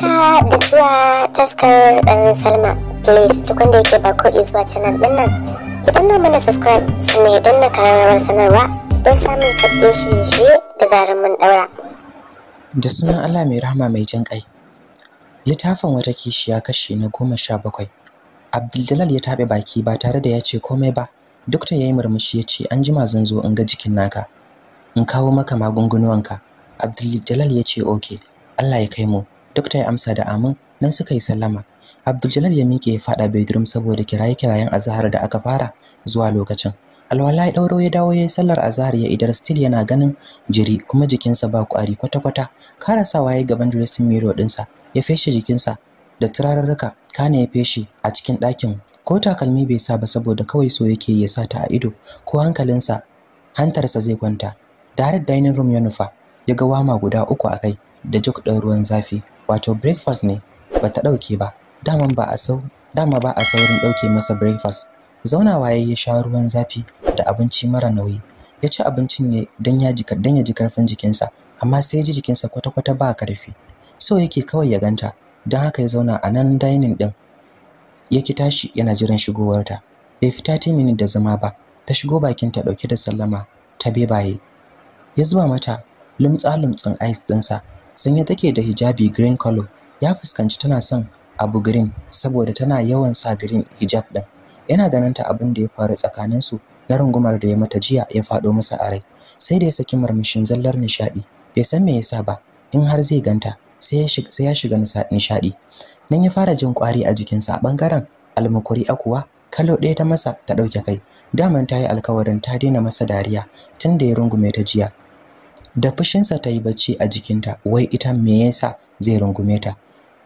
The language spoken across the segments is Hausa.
haka da zuwa taskar dan salma please duk wanda yake ba ko zuwa canal din nan ki danna mana subscribe sannan ya danna karamar sanarwa don samun sabbin shirye-shirye da zarar mun daura da sunan allah mai rahama mai jin kai littafin wata kishiya kashi na goma sha bakwai abdul ya taɓe baki ba tare da ya ce komai ba da ya yi murmushi ya ce an jima zan zo in ga jikin naka in kawo maka magungunanka abdul ya ce oke allah ya kai mu Dokta ya amsa da amin nan suka yi sallama. Abdul ya miƙe ya faɗa bedroom saboda kiraye-kirayen azahar da aka fara zuwa lokacin. Alwala ya ɗauro ya dawo ya yi sallar azahar ya idar still yana ganin jiri kuma jikinsa ba ƙwari kwata-kwata. Karasawa ya gaban dressing mirror ɗinsa ya feshe jikinsa da turarurruka kane ya feshe a cikin ɗakin ko takalmi bai sa ba saboda kawai so yake ya sa ta a ido ko hankalinsa hantarsa zai kwanta. Da dining room ya nufa ya ga wama guda uku a kai da jok ɗin ruwan zafi wato breakfast ne bata ɗauke ba dama ba a saurin ɗauke masa breakfast zaunawa ya yi sha ruwan zafi da abinci mara nauyi ya ci abincin ne don ya ji karfin jikinsa amma sai ji jikinsa kwata-kwata ba karfi so yake kawai ya ganta don haka ya zauna a nan dining din yake tashi yana jiran shigowarta bai fita ta mini da zama ba ta shigo bakin ta dauke da sallama ta bebaye ya zuba mata lumtsa-lumtsin ice dinsa sanye take da hijabi green color ya fuskanci tana son abu green saboda tana yawan sa green hijab din yana ganin ta abin da ya faru tsakanin su na rungumar da ya mata jiya ya faɗo masa a rai sai da ya saki murmushin zallar nishadi bai san me yasa ba in har zai ganta sai ya shiga sai ya shiga nishadi nan ya fara jin kwari a jikin sa bangaren almukuri akuwa kalo ɗaya ta masa ta ɗauke kai daman ta yi alkawarin ta daina masa dariya tun da ya rungume ta jiya da fushinsa ta yi bacci a jikinta wai ita me yasa zai rungume ta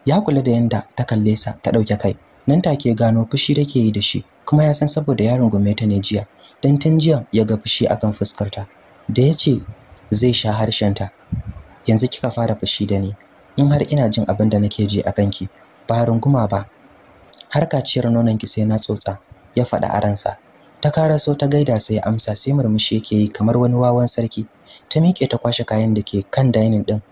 ya kula da yanda ta kalle sa ta ɗauke kai nan take gano fushi take yi da shi kuma ya san saboda ya rungume ta ne jiya dan tun jiya ya ga fushi akan fuskarta da ya ce zai sha harshen ta. yanzu kika fara fushi da ni in har ina jin abin da nake ji a kanki ba runguma ba har kaciyar nonon ki sai na tsotsa ya faɗa a ransa ta karaso ta gaida sai ya amsa sai murmushi yake yi kamar wani wawan sarki ta miƙe ta kwashe kayan da ke kan dining din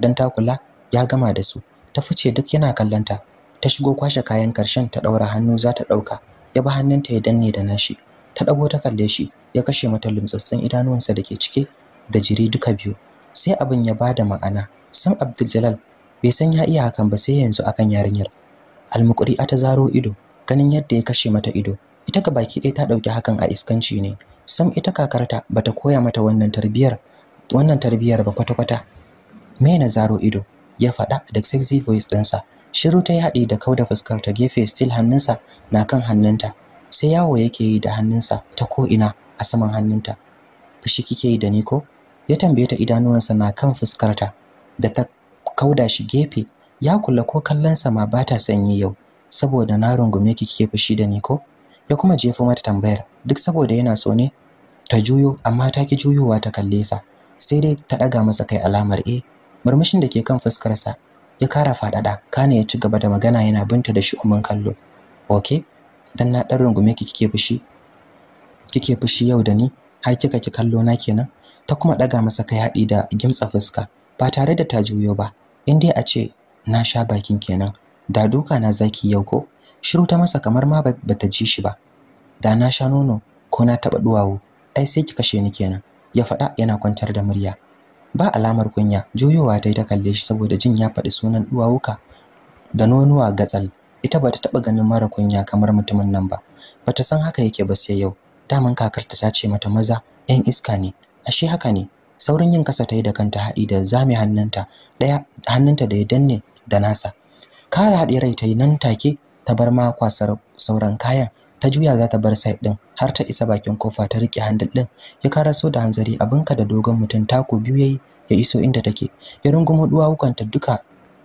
dan ta kula ya gama da su ta fice duk yana kallanta ta shigo kwashe kayan karshen ta daura hannu za ta dauka ya ba hannunta ya danne da nashi ta dago ta kalle shi ya kashe mata lumtsatsin idanuwansa da ke cike da jiri duka biyu sai abin ya bada ma'ana san Abdul bai san ya iya hakan ba sai yanzu akan yarinyar almukuri ta zaro ido ganin yadda ya kashe mata ido ita ga baki ɗaya ta ɗauki hakan a iskanci ne sam ita kakarta bata koya mata wannan tarbiyar wannan tarbiyar ba kwata-kwata me na zaro ido ya faɗa da sexy voice ɗinsa shiru ta yi haɗi da kauda fuskar ta gefe still hannunsa na kan hannunta sai yawo yake yi da hannunsa ta ko ina a saman hannunta fushi kike yi da ni ko ya tambaye ta idanuwansa na kan fuskarta da ta kauda shi gefe ya kula ko kallonsa ma ba ta sanyi yau saboda na rungume kike fushi da ni ko ya kuma jefa mata tambayar duk saboda yana so ne ta juyo amma ta ki juyowa ta kalle sa sai dai ta daga masa kai alamar e murmushin da ke kan fuskar sa ya kara fadada kana ya ci gaba da magana yana binta da shi shi'umin kallo okay dan na dan rungume ki kike fushi kike fushi yau da ni har kika ki kallo na kenan ta kuma daga masa kai hadi da gimtsa fuska ba tare da ta juyo ba in dai a ce na sha bakin kenan da duka na zaki yau ko shiru ta masa kamar ma ba ta ji shi ba da na sha nono ko na taɓa duwawu ai sai ki kashe ni kenan ya faɗa yana kwantar da murya ba alamar kunya Joyowa ta yi ta kalle shi saboda jin ya faɗi sunan duwawuka da nonuwa gatsal ita ba ta taɓa ganin mara kunya kamar mutumin nan ba bata san haka yake ba sai yau daman kakarta ta ce mata maza yan iska ne ashe haka ne saurin yin kasa ta yi da kanta haɗi da zame hannunta ɗaya hannunta da ya danne da nasa kara haɗe rai ta yi nan take ta bar ma kwasar sauran kayan ta juya za ta bar side din har ta isa bakin kofa ta rike handle din ya karaso da hanzari abinka da dogon mutum tako biyu yayi ya iso inda take ya rungumo duwawukanta duka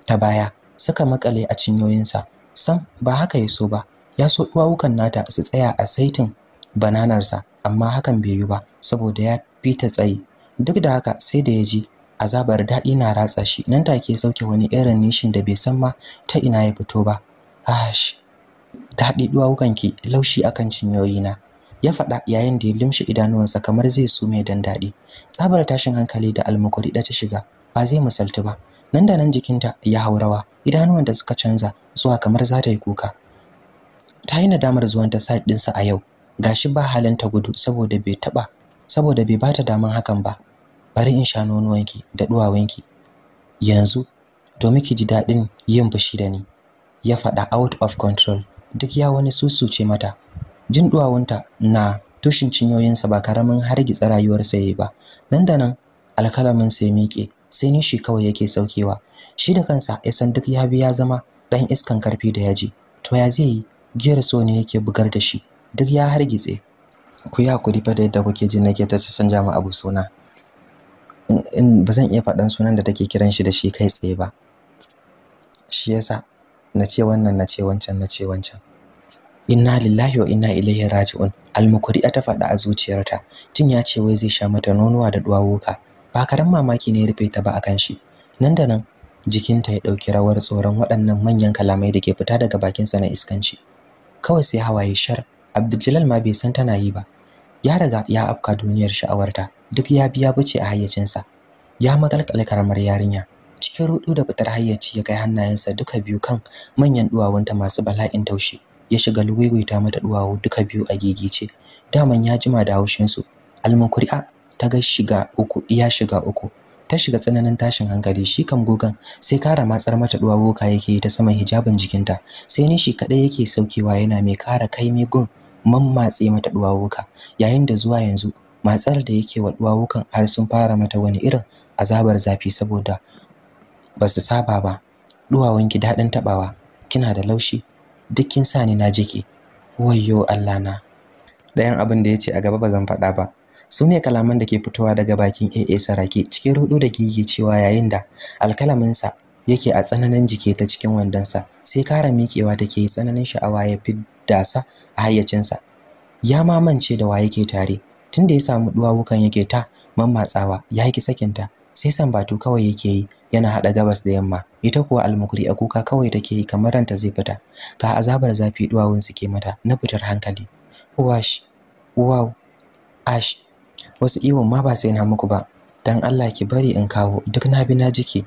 ta baya suka makale a cinyoyinsa san ba haka ya so ba ya so duwawukan nata su tsaya a saitin bananarsa amma hakan bai yi ba saboda ya fita tsayi duk da haka sai da ya ji azabar daɗi na ratsa shi nan take sauke wani irin nishin da bai san ma ta ina ya fito ba ash daɗi duwawukanki laushi akan cinyoyina ya faɗa yayin da ya limshi idanuwansa kamar zai sume dan daɗi tsabar tashin hankali da almukuri ta shiga ba zai misaltu ba nan da nan jikinta ya haurawa idanuwan da suka canza zuwa kamar za ta yi kuka ta yi nadamar zuwan ta din ɗinsa a yau gashi ba halin ta gudu saboda bai taɓa saboda bai bata daman hakan ba bari in sha nonuwanki da wanki. yanzu domin ki ji daɗin yin fushi da ni ya faɗa out of control duk ya wani susuce mata jin duwawunta na tushin cinyoyinsa ba karamin hargitsa rayuwarsa yayi ba nan da nan alkalamin sai miƙe sai nishi kawai yake saukewa shi da kansa ya san duk ya biya zama dan iskan karfi da yaji to ya zai yi giyar so ne yake bugar da shi duk ya hargitse ku yi hakuri fa da yadda kuke jin nake ta san jama abu suna in ba zan iya faɗan sunan da take kiran shi da shi kai tsaye ba shi yasa na ce wannan na ce wancan na ce wancan inna lillahi wa inna ilaihi raji'un almukuri ta faɗa a zuciyarta jin ya ce wai zai sha mata nonuwa da duwawuka ba karan mamaki ne ya rufe ta ba akan shi nan da nan jikinta ya ɗauki rawar tsoron waɗannan manyan kalamai da ke fita daga bakinsa na iskanci kawai sai hawaye shar abdul ma bai san tana yi ba ya riga ya afka duniyar sha'awarta duk ya biya bace a hayyacinsa ya makalkale karamar yarinya cikin rudu da fitar hayyaci ya kai hannayensa duka biyu kan manyan duwawunta masu bala'in taushe, ya shiga luwaigwaita mata duwawu duka biyu a gigice daman ya jima da haushinsu almukuri'a ta ga shiga uku ya shiga uku ta shiga tsananin tashin hankali shi kam gogan sai kara matsar mata duwawu ka yake ta saman hijabin jikinta sai ne shi kadai yake saukewa yana mai kara kai mai gun mammatse mata duwawuka yayin da zuwa yanzu matsar da yake wa duwawukan har sun fara mata wani irin azabar zafi saboda ba su saba ba ki daɗin taɓawa kina da laushi duk kin sa ni na jiki wayyo Allah na Ɗayan abin da ya ce a gaba ba zan faɗa ba su ne kalaman da ke fitowa daga bakin AA Saraki cikin rudu da gigi cewa yayin da alkalaminsa yake a tsananin jike ta cikin wandonsa sai kara miƙewa take yi tsananin sha'awa ya dasa a hayyacinsa ya mamance da wa yake tare tunda ya samu duwawukan yake ta mammatsawa ya ki sakinta sai sambatu kawai yake yi yana hada gabas da yamma ita kuwa almukuri a kuka kawai take yi kamar ranta zai fita ga azabar zafi duwawun suke mata na fitar hankali wash wow ash wasu iwon ma ba sai na muku ba dan Allah ki bari in kawo duk na bi na jiki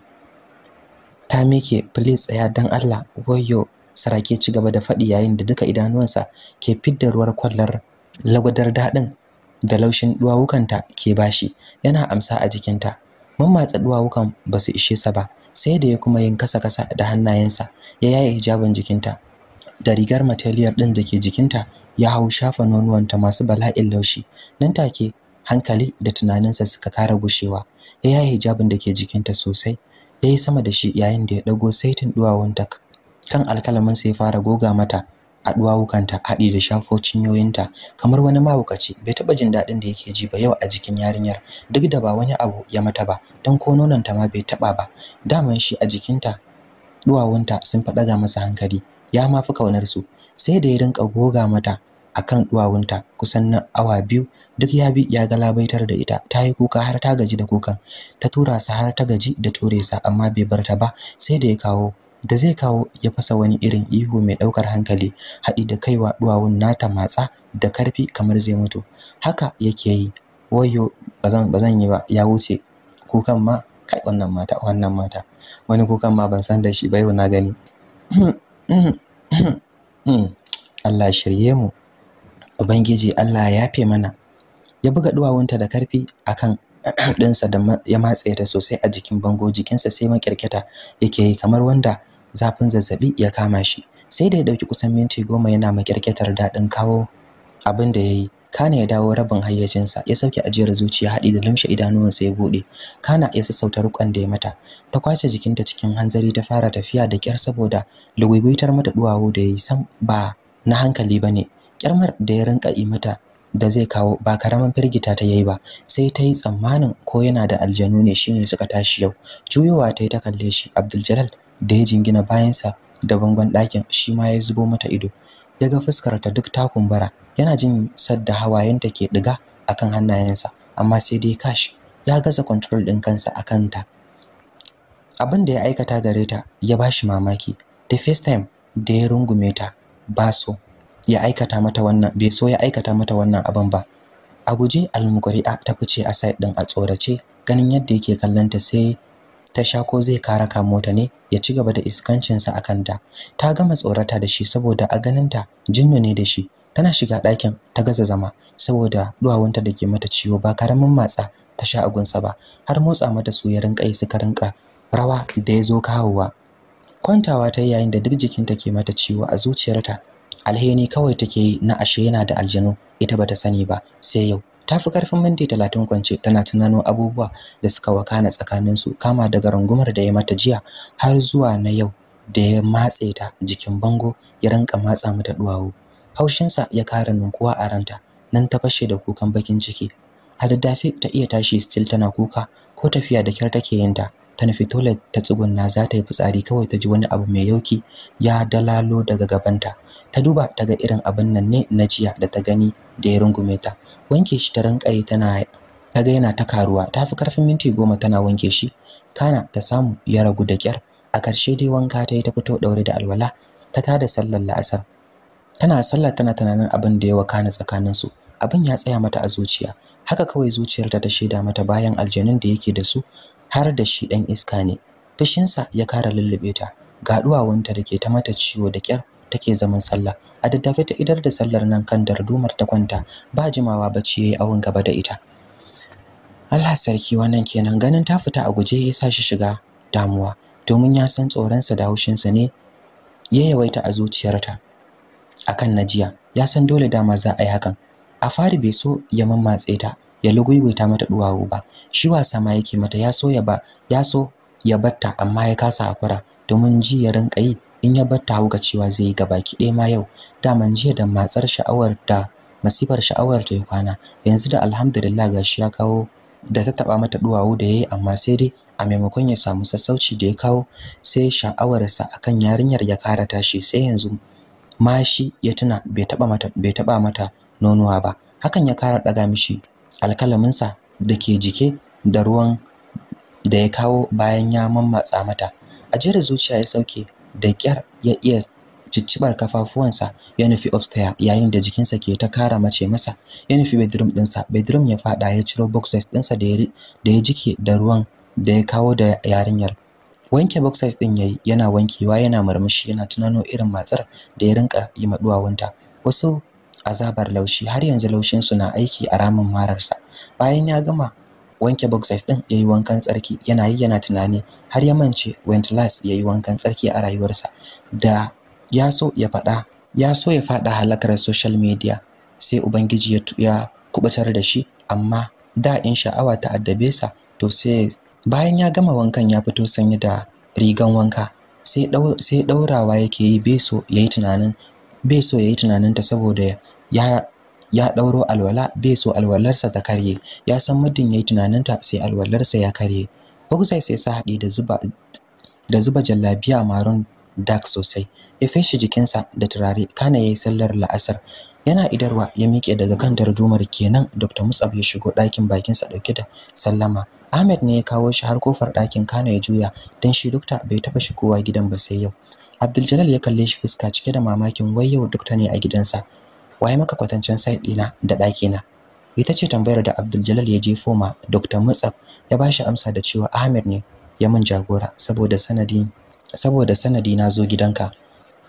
ta mike please tsaya dan Allah wayo sarake ci gaba da faɗi yayin da duka idanuwansa ke fidda ruwar kwallar lagwadar daɗin da laushin duwawukanta ke bashi yana amsa a jikinta mammatsa duwawukan ba su ishe sa ba sai da ya kuma yin kasa kasa da hannayensa ya yaye hijabin jikinta da rigar mataliyar ɗin da ke jikinta ya hau shafa nonuwanta masu bala'in laushi nan take hankali da tunaninsa suka kara gushewa ya yaye hijabin da ke jikinta sosai ya yi sama da shi yayin da ya ɗago saitin duwawunta kan alkalaminsa ya fara goga mata a duwawukanta haɗi da shafo cinyoyinta kamar wani mahaukaci bai taɓa jin daɗin da yake ji ba yau a jikin yarinyar duk da ba wani abu ya mata ba don ko nononta ma bai taɓa ba daman shi a jikinta duwawunta sun fi ɗaga masa hankali ya ma fi kaunar su sai da ya rinka goga mata a akan duwawunta kusan na awa biyu duk ya bi ya galabaitar da ita ta yi kuka har ta gaji da kukan ta tura sa har ta gaji da ture sa amma bai bar ta ba sai da ya kawo da zai kawo ya fasa wani irin ihu mai ɗaukar hankali haɗi da kaiwa duwawun nata matsa da karfi kamar zai mutu haka yake yi wayo bazan bazan yi ba ya wuce kukan ma kai wannan mata wannan mata wani kukan ma ban san da shi ba yau na gani Allah shirye mu ubangiji Allah ya fe mana ya buga duwawunta da karfi akan ɗinsa da ya matse ta sosai a jikin bango jikinsa sai makirkita yake yi kamar wanda zafin zazzabi ya kama shi sai da ya ɗauki kusan minti goma yana makirketar daɗin kawo abin da ya yi kana ya dawo rabin hayyacinsa ya sauke ajiyar zuciya haɗi da limshe idanuwansa ya buɗe kana ya sassauta rukan da ya mata ta kwace jikinta cikin hanzari ta fara tafiya da kyar saboda lugugwitar mata duwawu da ya yi sam ba na hankali ba ne kyarmar da ya rinka yi mata da zai kawo ba karaman firgita ta yayi ba sai ta yi tsammanin ko yana da aljanu ne shine suka tashi yau juyowa ta yi ta kalle shi abdul da ya jingina bayansa da bangon ɗakin shi ma ya zubo mata ido ya ga fuskar ta duk ta kumbura yana jin sadda hawayenta ke ɗiga akan hannayensa amma sai dai kash ya gaza control ɗin kansa a kanta abin da ya aikata gare ta ya bashi mamaki the first time da ya rungume ta ba so ya aikata mata wannan bai so ya aikata mata wannan abin ba a guje almukuri'a ta fice a side ɗin a tsorace ganin yadda yake kallanta sai ta sha ko zai kara kamo ta ne ya ci gaba da iskancinsa a kanta ta gama tsorata da shi saboda a ganinta jinnu ne da shi tana shiga ɗakin ta gaza zama saboda duwawunta da ke mata ciwo ba karamin matsa ta sha sa ba har motsa mata su ya rinka yi suka rinka rawa da ya zo kawowa kwantawa ta yayin da duk jikin ta ke mata ciwo a zuciyarta alheni kawai take yi na ashe yana da aljanu ita bata sani ba sai yau ta fi karfin minti talatin kwance tana tunano abubuwa da suka wakana tsakaninsu kama daga rungumar da ya mata jiya har zuwa na yau da ya matse ta jikin bango ya rinka matsa mata duwawu haushinsa ya kara ninkuwa a ranta nan ta fashe da kukan bakin ciki a daddafe ta iya tashi still tana kuka ko tafiya da kyar take yinta. ta nufi toilet ta tsugunna za ta yi fitsari kawai ta ji wani abu mai yauki ya dalalo daga gabanta ta duba ta ga irin abin nan ne na jiya da ta gani da ya rungume ta wanke shi ta rinka yi tana ta ga yana ta karuwa ta fi karfin minti goma tana wanke shi kana ta samu ya ragu da kyar a karshe dai wanka ta yi ta fito ɗaure da alwala ta tada sallar la'asar tana sallar tana tunanin abin da ya wakana tsakaninsu abin ya tsaya mata a zuciya haka kawai zuciyarta ta shaida mata bayan aljanun da yake da su har da shi ɗan iska ne fushinsa ya kara lullube ta ga duwawanta da ke ta mata ciwo da kyar take zaman sallah a daddafe ta idar da sallar nan kan dardumar ta kwanta ba jimawa bacci yayi awon gaba da ita Allah sarki wannan kenan ganin ta fita a guje ya sa shi shiga damuwa domin ya san tsoronsa da haushinsa ne ya yawaita a zuciyarta akan najiya ya san dole dama za a yi hakan a fari bai so ya mammatse ta ya ta mata duwawu ba shi wasa ma yake mata ya so ya ba ya so ya batta amma ya kasa hakura domin ji ya rinka yi in ya batta ga cewa zai yi gabaki ɗaya ma yau daman jiya da matsar sha'awar da masifar sha'awar ta ya kwana yanzu da alhamdulillah gashi ya kawo da ta taba mata duwawu da yayi amma sai dai a maimakon ya samu sassauci da ya kawo sai sha'awarsa akan yarinyar ya kara tashi sai yanzu mashi ya tuna bai taba mata bai taba mata nonuwa ba hakan ya kara daga mishi alkalaminsa da ke jike da ruwan da ya kawo bayan ya mammatsa mata ajiyar zuciya ya sauke da kyar ya iya ciccibar kafafuwansa ya nufi upstairs yayin da jikinsa ke ta kara mace masa ya nufi bedroom ɗinsa bedroom ya faɗa ya ciro boxes ɗinsa da ya jike da ruwan da ya kawo da yarinyar wanke boxes din yayi yana wankewa yana murmushi yana tunano irin matsar da ya rinka yi maduwa duwawunta wasu azabar laushi har yanzu laushin su na aiki a ramin mararsa bayan ya gama wanke boxers din yayi wankan tsarki yana yi yana tunani har ya mance Wentlass yayi wankan tsarki a rayuwarsa da ya so ya fada ya so ya fada halakar social media sai ubangiji ya ya kubutar da shi amma da in sha'awa ta addabe sa to sai bayan ya gama wankan ya fito sanye da rigan wanka sai daurawa yake yi beso yayi tunanin bai so yayi tunaninta saboda ya ya ɗauro alwala bai so alwalarsa ta karye ya san muddin yayi tunaninta sai alwalarsa ya karye oxide sai sa haɗi da zuba da zuba jallabiya maron dark sosai ya feshi jikinsa da turare kana yayi sallar la'asar yana idarwa ya miƙe daga kan dardumar kenan Dr. Musab ya shigo ɗakin bakinsa ɗauke da sallama Ahmed ne ya kawo shi har kofar ɗakin kana ya juya dan shi dokta bai taɓa shigowa gidan ba sai yau Abdul ya kalle shi fuska cike da mamakin wai yau dokta ne a gidansa waye maka kwatancen site ɗina da ɗakina ita ce tambayar da Abdul ya jefo ma Dr. Musab ya bashi amsa da cewa Ahmed ne ya mun jagora saboda sanadin saboda sanadi na zo gidanka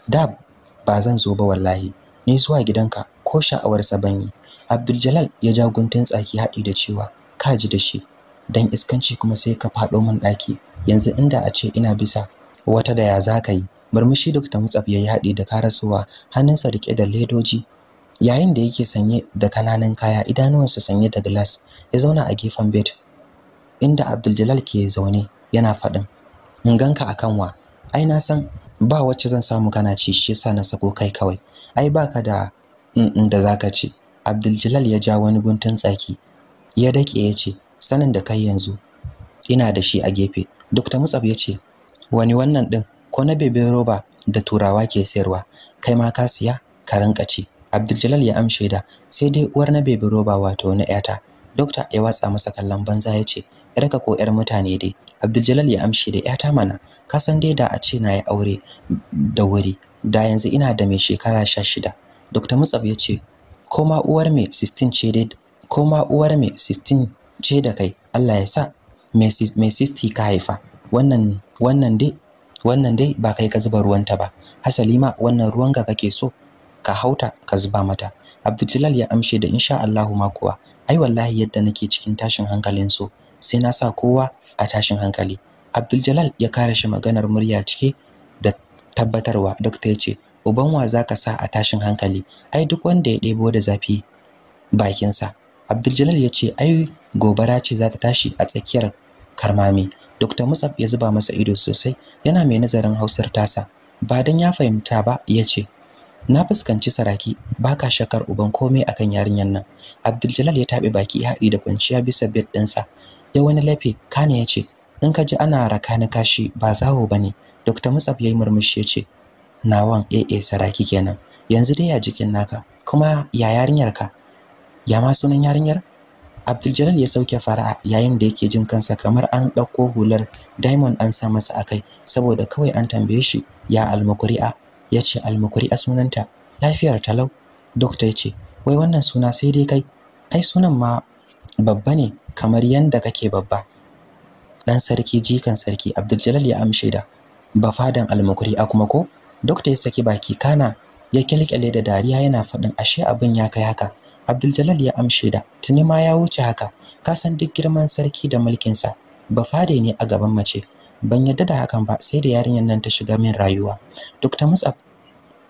da ba zan zo ba wallahi ni zuwa gidanka ko sha'awarsa ban yi abdul ya ja guntun tsaki haɗi da cewa ka ji da shi dan iskanci kuma sai ka faɗo min ɗaki yanzu inda a ce ina bisa wata da ya za ka yi murmushi dr mutsaf ya yi haɗi da karasuwa hannunsa riƙe da ledoji yayin da yake sanye da kananan kaya idanuwansa sanye da glass ya zauna a gefen bed inda abdul ke zaune yana faɗin in ganka a kanwa ai na san ba wacce zan samu kana ci shi yasa na sako kai kawai ai baka da in da zaka ci Abdul ya ja wani guntun tsaki ya dake ya ce sanin da kai yanzu ina da shi a gefe Dr. Mutsab ya ce wani wannan din ko na bebe roba da turawa ke sayarwa kai ma ka siya ka rinka ci Abdul ya amshe da sai dai uwar na bebe roba wato na yata Dokta ya watsa masa kallon banza ya ce, ‘yarka ko ‘yar mutane dai, Abdul ya amshi da ƴata mana ka san dai da a ce na yi aure da wuri da yanzu ina da mai shekara 16 Dr. Mutsab ya ce koma uwar me 16 ce dai koma uwar me 16 ce da kai Allah ya sa me 60 ka haifa wannan wannan dai wannan dai ba kai ka zuba ruwanta ba hasali ma wannan ruwanka kake so ka hauta ka zuba mata Abdul ya amshe da insha Allahu ma kuwa ai wallahi yadda nake cikin tashin hankalin so sai na sa kowa a tashin hankali abdul jalal ya kare shi maganar murya cike da tabbatarwa dokta ya ce uban wa zaka sa a tashin hankali ai duk wanda ya ɗebo da zafi bakinsa abdul jalal ya ce ai gobara ce za ta tashi a tsakiyar karmami Dokta musab ya zuba masa ido sosai yana mai nazarin hausar tasa ba dan ya fahimta ba ya ce na fuskanci saraki baka shakar uban komai akan yarinyar nan abdul ya tabe baki haɗi da kwanciya bisa bed ɗinsa ya wani lafe kane ya ce in ka ji ana raka ni kashi ba zawo ba ne dr musab ya yi murmushi ya ce nawan aa eh, eh, saraki kenan yanzu dai ya jikin naka kuma ya yarinyarka ya ma sunan yarinyar Abdul ya sauke fara'a yayin da yake jin kansa kamar an ɗauko hular diamond an sa masa a kai, saboda kawai an tambaye shi ya almukuri'a ya ce almukuri'a sunanta lafiyar talau dokta ya ce wai wannan suna sai dai kai ai sunan ma babba ne kamar yanda kake babba dan sarki jikan sarki Abdul ya amshe da ba fadan almukuri a kuma ko dokta ya saki baki kana ya kyalkyale da dariya yana faɗin ashe abin ya kai haka Abdul ya amshe da tuni ma ya wuce haka ka san duk girman sarki da mulkin sa ba fade ne a gaban mace ban yadda da hakan ba sai da yarinyar nan ta shiga min rayuwa Dr. Musab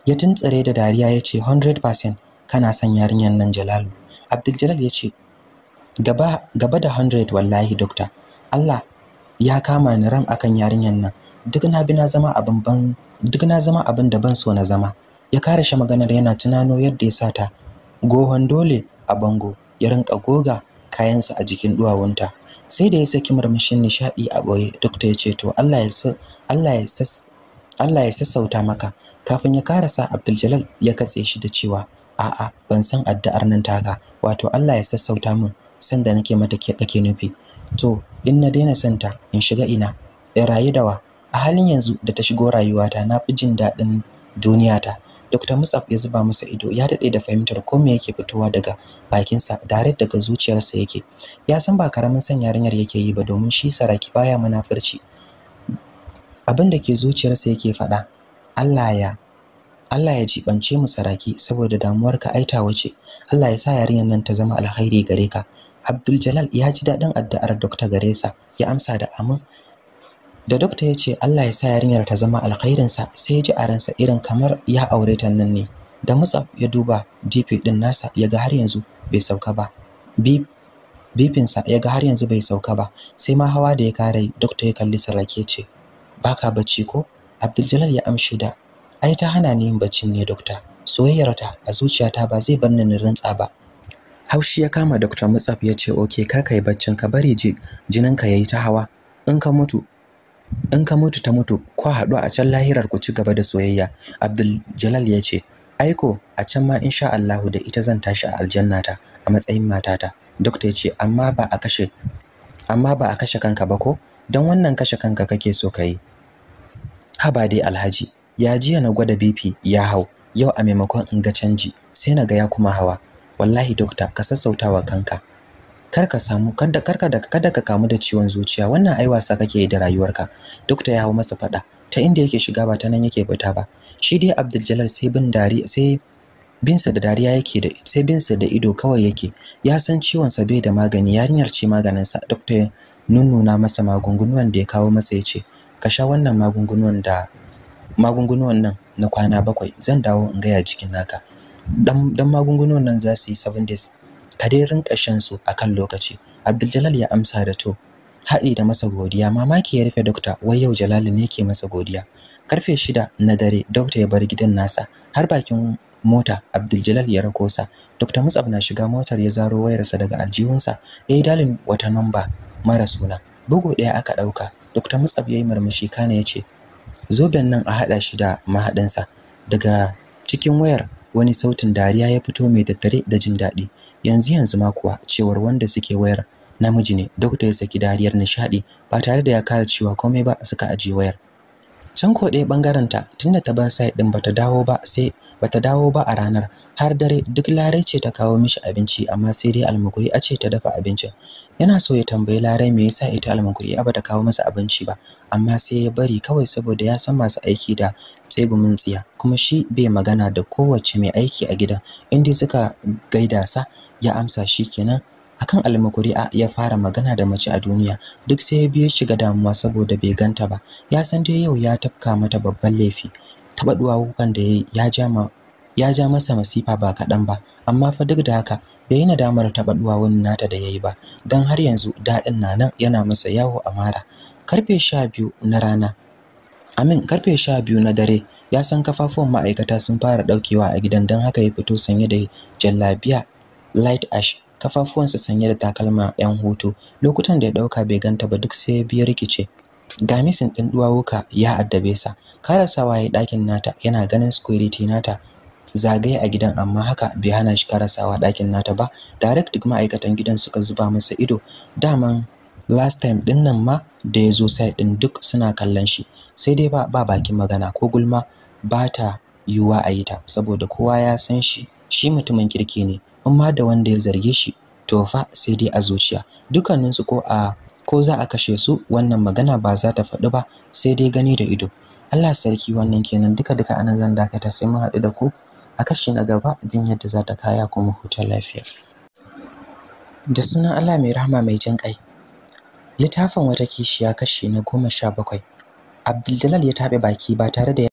ya tuntsare da dariya ya ce 100% kana son yarinyar nan Jalalu Abdul ya ce gaba gaba da 100 wallahi doctor Allah ya kama ni ram akan yarinyar nan duk na bi na zama abin ban duk na zama abin da ban so na zama ya kare shi maganar yana tunano yadda ya sata gohon dole a bango ya rinka goga kayansa a jikin duwawunta sai da ya saki murmushin nishadi a boye doctor ya ce to Allah ya Allah ya Allah ya sassauta maka kafin ya karasa Abdul Jalal ya katse shi da cewa a'a ban san addu'ar nan taka wato Allah ya sassauta min Sanda da nake mata kake nufi to in na daina santa in shiga ina in rayu da wa a halin yanzu da ta shigo rayuwata na fi jin daɗin duniyata Dr. Musab ya zuba masa ido ya daɗe da fahimtar ko me yake fitowa daga bakinsa dare daga zuciyarsa yake ya san ba karamin san yarinyar yake yi ba domin shi saraki baya munafurci abin da ke zuciyarsa yake faɗa Allah ya Allah ya jibance mu saraki saboda damuwar ka aitawa ce Allah ya sa yarinyar nan ta zama alkhairi gare ka Abdul Jalal ya ji daɗin addu'ar Dr. Garesa ya amsa da amin. Da dokta ya ce Allah ya sa yarinyar ta zama alkhairinsa sai ya ji a ransa irin kamar ya aure ta nan ne. Da mutsaf ya duba DP ɗin nasa ya ga har yanzu bai sauka ba. Bip bifinsa ya ga har yanzu bai sauka ba sai ma hawa da ya kare dokta ya kalli sarrake ce baka bacci ko abdul ya amshe da ai ta hana ni yin baccin ne dokta ta a zuciyata ba zai bar ni rantsa ba haushi ya kama Dr. Mutsaf ya ce oke kar kai baccin ka bari ji ka yayi ta hawa in ka mutu in ka mutu ta mutu ko haɗu a can lahirar ku ci gaba da soyayya Abdul Jalal ya ce aiko a can ma insha Allahu da ita zan tashi a aljanna ta, a matsayin matata Dokta ya ce amma ba a kashe amma ba a kashe kanka ba ko don wannan kashe kanka kake so ka yi haba dai alhaji ya jiya na gwada bp ya hau yau a maimakon in ga canji sai na ga ya kuma hawa wallahi dokta ka sassauta wa kanka kar ka samu kada karka da kada ka kamu da ciwon zuciya wannan ai wasa kake da rayuwarka dokta ya hawo masa fada ta inda yake shiga ba ta nan yake fita ba shi dai Abdul Jalal sai bin dari sai binsa da dariya yake da sai binsa da ido kawai yake ya san ciwon sa bai da magani yarinyar ce maganin sa doctor nunnuna masa magungunan da ya kawo masa yace ka sha wannan magungunan da magungunan nan na kwana bakwai zan dawo in gaya jikin naka dan magungunan nan za su yi 7 days ka dai rinka shan su akan lokaci Abdul ya amsa da to haɗi da masa godiya mamaki ya rufe dokta wai yau Jalali ne ke masa godiya karfe shida na dare dokta ya bar gidan nasa har bakin mota Abdul ya rako sa dokta Musab na shiga motar ya zaro wayarsa daga aljihunsa yi dalin wata namba mara suna bugu ɗaya aka ɗauka dokta ya yi murmushi kana ce. zoben nan a haɗa shi da mahaɗinsa daga cikin wayar wani sautin dariya ya fito mai tattare da jin daɗi yanzu yanzu ma kuwa cewar wanda suke wayar namiji ne dokta ya saki dariyar nishaɗi ba tare da ya kara cewa komai ba suka aje wayar can ko ɗaya ta tunda ta bar site din bata dawo ba sai bata dawo ba a ranar har dare duk larai ce ta kawo mishi abinci amma sai dai almukuri a ce ta dafa abincin yana so ya tambayi larai me yasa ita almukuri a bata kawo masa abinci ba amma sai ya bari kawai saboda ya san masu aiki da tsegumin tsiya kuma shi bai magana da kowace mai aiki a gidan inda suka gaida sa ya amsa shi kenan akan almakuri a ya fara magana da mace a duniya duk sai ya biye shiga damuwa saboda bai ganta ba ya san dai yau ya tafka mata babban laifi taɓa duwawukan da ya ja ya ja masa masifa ba kaɗan ba amma fa duk da haka bai yi nadamar taɓa wani nata da ya yi ba don har yanzu daɗin na nan yana masa yawo a mara karfe sha biyu na rana Amin karfe sha biyu na dare ya san kafafuwan ma'aikata sun fara ɗaukewa a gidan don haka ya fito sanye da jallabiya light ash kafafuwansa sanye da takalma 'yan hutu lokutan da ya ɗauka bai ganta ba duk sai biya rikice gamisin ɗin duwawuka ya addabe sa karasawa ya dakin nata yana ganin security nata zagaye a gidan amma haka bai hana shi karasawa dakin nata ba direct duk ma'aikatan gidan suka zuba masa ido daman last time din nan ma da ya zo side din duk suna kallon shi sai dai ba ba bakin magana ko gulma ba ta yiwuwa a yi ta saboda kowa ya san shi shi mutumin kirki ne in ma da wanda ya zarge shi to fa sai dai a zuciya dukkaninsu ko a ko za a kashe su wannan magana ba za ta faɗi ba sai dai gani da ido Allah sarki wannan kenan duka duka anan zan dakata sai mun haɗu da ku a kashi na gaba jin yadda za ta kaya kuma huta lafiya da sunan Allah mai rahama mai jin ƙai littafin wata kishiya kashi na goma sha bakwai abdul ya taɓe baki ba tare da